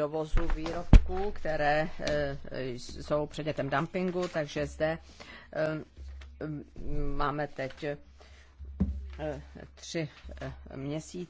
dovozu výrobků, které eh, jsou předmětem dumpingu, takže zde eh, máme teď eh, tři měsíce.